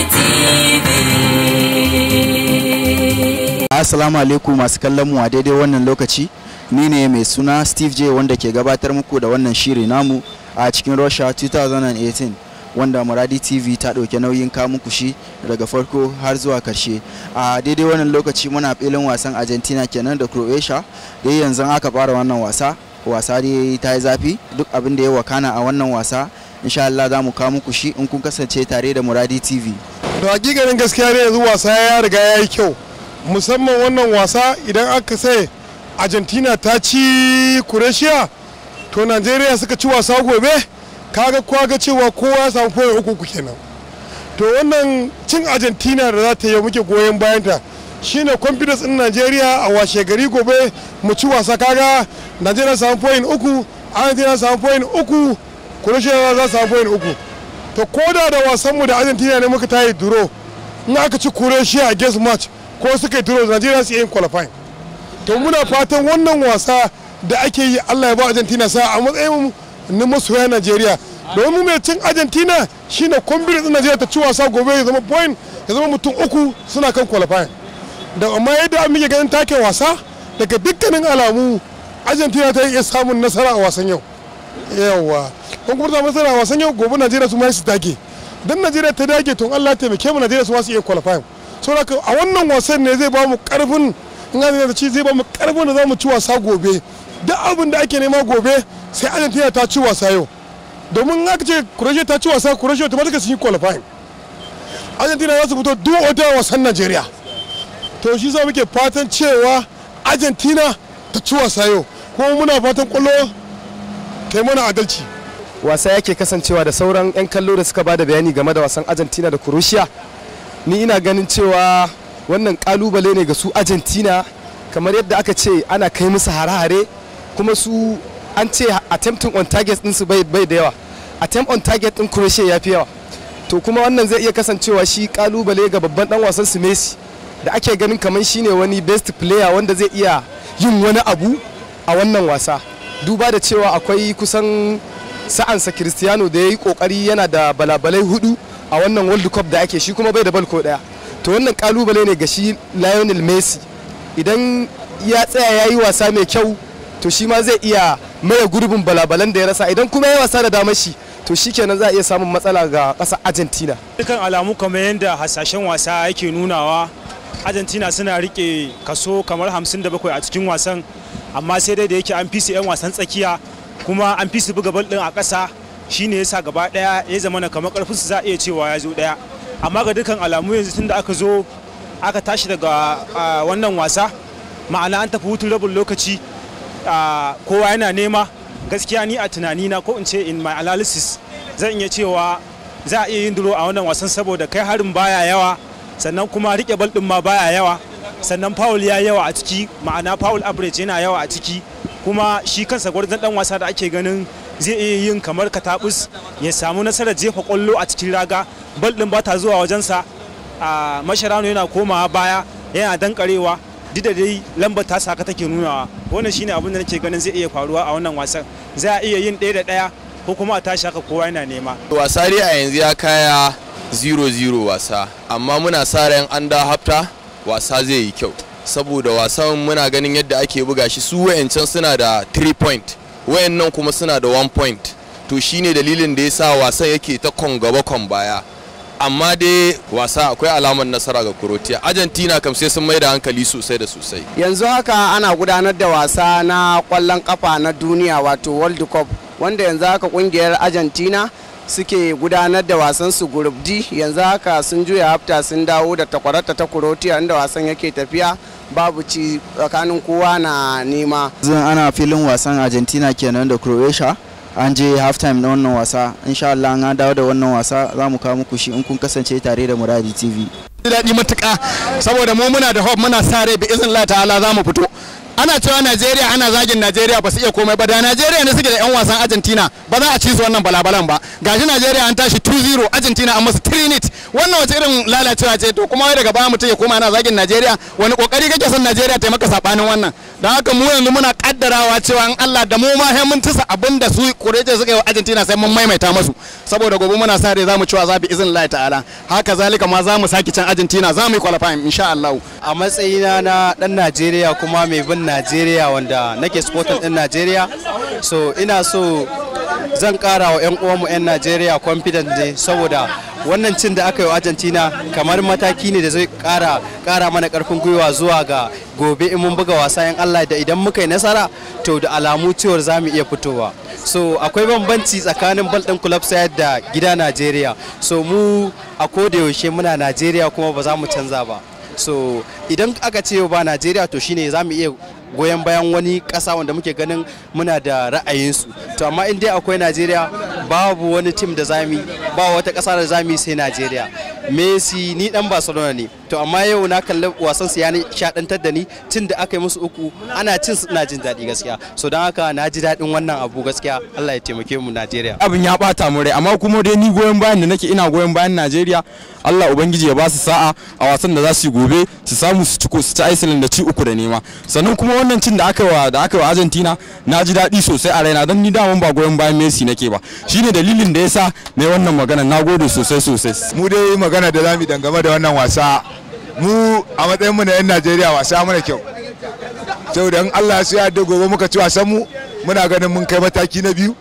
TV. alaikum masu kallon mu a daidai wannan lokaci. Ni ne mai suna Steve J wanda ke gabatar muku da wannan shiri namu a cikin Russia 2018 wanda Muradi TV ta ɗauki nauyin kamu shi daga farko har zuwa karshe. A daidai wannan lokaci muna filin wasan Argentina kenan da Croatia. Dai yanzu aka fara wannan wasa. wasa dai ta yi zafi duk abin da ya wakana a wannan wasa insha Allah za mu kawo muku shi in kun kasance tare da Muradi TV to hakikanin gaskiya ne yanzu wasa ya riga ya yi kyau musamman wannan wasa idan aka sai Argentina ta ci Croatia to nigeria suka ci wasa gobe kaga ga cewa kowa ya samu foyin uku kenan to wannan cin Argentina da za ta yi muke goyon bayanta shine confidence din nigeria a washe gari gobe mu ci wasa kaga nigeria samu foyin uku Argentina samu foyin uku kurushewa za su hafi yin uku ta koda da wasan wasanmu da argentina ne muka tayi duro in aka ci kurushewa a guest match ko suka yi duro nigeria su yi qualifying to muna fatan wannan wasa da ake yi allah ya ba argentina sa a matsayin na masoya nigeria domin mu mai cin argentina shine kwambirin din nigeria ta ci wasa gobe ya zama point ya zama mutum uku suna kan qualifying da amma yadda an muke ganin take wasa daga dukkanin alamu argentina ta iya samun nasara a wasan yau yawa in kuma za wasan yau gobe najeriya su ma su dage don najeriya ta dage tun allah taimake mu najeriya su ma su iya qualify so a wannan wasan ne zai ba mu karfin in an zai ci zai ba mu karfin da za mu ci wasa gobe duk abin da ake nema gobe sai argentina ta ci wasa yau domin in aka ce croatia ta ci wasa croatia automatically su yi qualifying argentina za su fito duk wata wasan najeriya to shi za muke fatan cewa argentina ta ci wasa yau kuma muna fatan kwallo ta yi mana adalci wasa yake kasancewa da sauran 'yan kallo da suka bada bayani game da wasan argentina da croatia ni ina ganin cewa wannan kalubale ne ga su argentina kamar yadda aka ce ana kai musu hare-hare kuma su an ce attempting on target ɗinsu bai da yawa attempt on target ɗin croatia ya fi yawa to kuma wannan zai iya kasancewa shi kalubale ga babban dan wasan su messi da ake ganin kamar shine wani best player wanda zai iya yin wani abu a wannan wasa duba da cewa akwai kusan sa'ansa Cristiano da ya yi kokari yana da balabalai hudu a wannan World Cup da ake shi kuma bai da balko daya to wannan kalubale ne ga shi Lionel Messi idan ya tsaya ya yi wasa mai kyau to shi ma zai iya maye gurbin balabalan da ya rasa idan kuma ya wasa da dama shi to shi kenan za a iya samun matsala ga kasa Argentina dukan alamu kamar yadda hasashen wasa yake nunawa Argentina suna rike kaso kamar 57 a cikin wasan amma sai dai da yake an fi su 'yan wasan tsakiya kuma an fi su buga bal din a ƙasa shine yasa gaba ɗaya ya zama na kamar karfin su za a iya cewa ya zo daya amma ga dukkan alamu yanzu tun da aka zo aka tashi daga wannan wasa ma'ana an tafi hutun rabin lokaci kowa yana nema gaskiya ni a tunani na ko in ce in my analysis zan iya cewa za a iya yin duro a wannan wasan saboda kai harin baya yawa sannan kuma rike bal din ma baya yawa sannan foul ya yawa a ciki ma'ana foul average yana yawa a ciki kuma shi kansa gwarzon dan wasa da ake ganin zai iya yin kamar katabus ya samu nasarar jefa kwallo a cikin raga bal din ba ta zuwa wajensa a masharano yana komawa baya yana dankarewa duk da dai lambar ta saka take nunawa wannan shine abin da nake ganin zai iya faruwa a wannan wasan za a iya yin ɗaya da ɗaya ko kuma a tashi haka kowa yana nema wasa dai a yanzu ya kaya 0-0 wasa amma muna sa ran an da hafta wasa zai yi kyau saboda wasan muna ganin yadda ake buga shi su wayancan suna da 3 point wayannan kuma suna da 1 point to shine dalilin da ya sa wasan yake ta kon gaba kon baya amma dai wasa akwai alamar nasara ga Croatia Argentina kam sai sun mai da hankali sosai da sosai yanzu haka ana gudanar da wasa na kwallon kafa na duniya wato World Cup wanda yanzu haka kungiyar Argentina suke gudanar da wasan su group D yanzu haka sun juya hafta sun dawo da takwarata ta Croatia inda wasan yake tafiya babu ci tsakanin kowa na nema. Zan ana filin wasan Argentina kenan da Croatia an je half time na wannan wasa insha Allah an dawo da wannan wasa za mu kawo muku shi in kun kasance tare da Muradi TV. Daɗi matuƙa saboda mu muna da hope muna sa rai bi izin Allah ta'ala za mu fito ana cewa najeriya ana zagin najeriya ba su iya komai ba da najeriya ne suke da yan wasan argentina ba za a ci su wannan balabalan ba gashi najeriya an tashi 2-0 argentina an masu trinit wannan wace irin lalacewa ce to kuma wai daga baya mutum ya koma ana zagin najeriya wani kokari kake son najeriya ta maka sabanin wannan da haka mu yanzu muna kaddarawa cewa in Allah da mu ma sai mun tusa abin da su kureje suka yi wa Argentina sai mun maimaita musu saboda gobe muna sa rai zamu cewa zabi izin Allah ta'ala haka zalika ma zamu saki can Argentina zamu yi qualifying insha Allah a matsayina na dan Najeriya kuma mai bin Najeriya wanda nake supporter din Najeriya so ina so zan kara 'yan uwanmu 'yan Najeriya confidence ne saboda wannan cin da aka yi wa argentina kamar mataki ne da zai kara kara mana karfin gwiwa zuwa ga gobe in mun buga wasa yan allah da idan muka yi nasara to da alamu cewar za mu iya fitowa so akwai bambanci tsakanin bal din club sai da gida najeriya so mu a yaushe muna najeriya kuma ba za mu canza ba so idan aka ce ba najeriya to shine za mu iya goyon bayan wani ƙasa wanda muke ganin muna da ra'ayinsu to amma in dai akwai najeriya babu wani tim da mu. ba wata kasa da zamu yi sai Najeriya Messi ni dan Barcelona ne to amma yau na kalli wasan su ya shaɗantar da ni tun da aka yi musu uku ana cin su ina jin daɗi gaskiya so don haka na ji daɗin wannan abu gaskiya Allah ya taimake mu Najeriya abin ya bata mu rai amma kuma dai ni goyon bayan da nake ina goyon bayan Najeriya Allah ubangiji ya ba su sa'a a wasan da za su yi gobe su samu su ciko su ci Iceland da ci uku da nema sannan kuma wannan cin da aka wa da aka wa Argentina na ji daɗi sosai a raina don ni daman ba goyon bayan Messi nake ba shine dalilin da yasa ne wannan magana na gode sosai sosai mu dai magana da zamu dangane da wannan wasa mu a matsayin mu na 'yan najeriya wasa mana kyau sau da allah ya siya da gobe muka ci wasan mu muna ganin mun kai mataki na biyu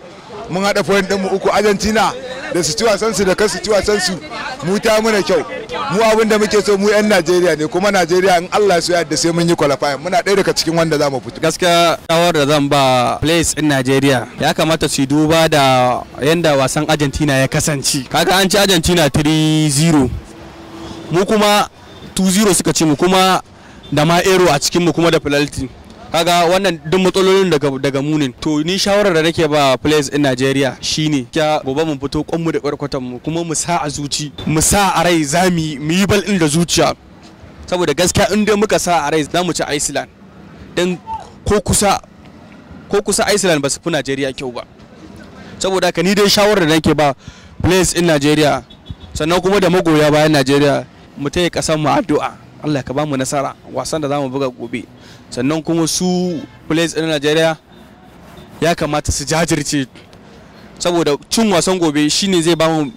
mun haɗa foyin ɗinmu uku argentina da su ci wasan su da kan su ci wasan su mu ta mana kyau mu abin da muke so mu 'yan najeriya ne kuma najeriya in allah su yadda sai mun yi qualify muna ɗaya daga cikin wanda za mu fito gaskiya shawar da zan ba place in najeriya ya kamata su duba da yanda wasan argentina ya kasance kaga an ci argentina 3-0 mu kuma 2-0 suka ci mu kuma da ma ero a cikin mu kuma da penalty kaga wannan duk matsalolin daga daga munin to ni shawarar da nake ba players in Nigeria shine kya gobe mun fito mu da kwarkwatan mu kuma mu sa a zuci mu sa a rai zami mu yi bal da zuciya saboda gaskiya in dai muka sa a rai za mu ci Iceland dan ko kusa ko kusa Iceland ba su fi Nigeria kyau ba saboda ka ni dai shawarar da nake ba players in Nigeria sannan kuma da magoya bayan Nigeria mu taya kasan mu addu'a Allah ka ba mu nasara wasan da za mu buga gobe sannan kuma su players ɗin Najeriya ya kamata su jajirce saboda cin wasan gobe shine zai ba mu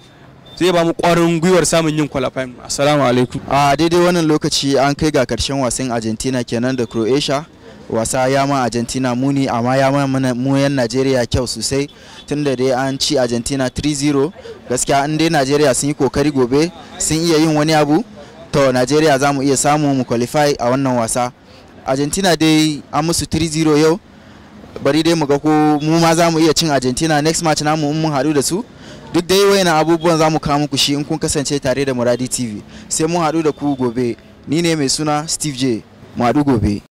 zai ba mu ƙwarin gwiwar samun yin qualifying assalamu alaikum a daidai wannan lokaci an kai ga karshen wasan Argentina kenan da Croatia wasa ya ma argentina muni amma ya ma mu yan najeriya kyau sosai tun da dai an ci argentina 3-0 gaskiya an dai najeriya sun yi kokari gobe sun iya yin wani abu to najeriya za mu iya samu mu qualify a wannan wasa argentina dai an musu 3-0 yau bari dai mu ga ko mu ma za mu iya cin argentina next match namu in mun haɗu da su duk dai wayannan abubuwan za mu kawo muku shi in kun kasance tare da muradi tv sai mun haɗu da ku gobe ni ne mai suna steve j mu haɗu gobe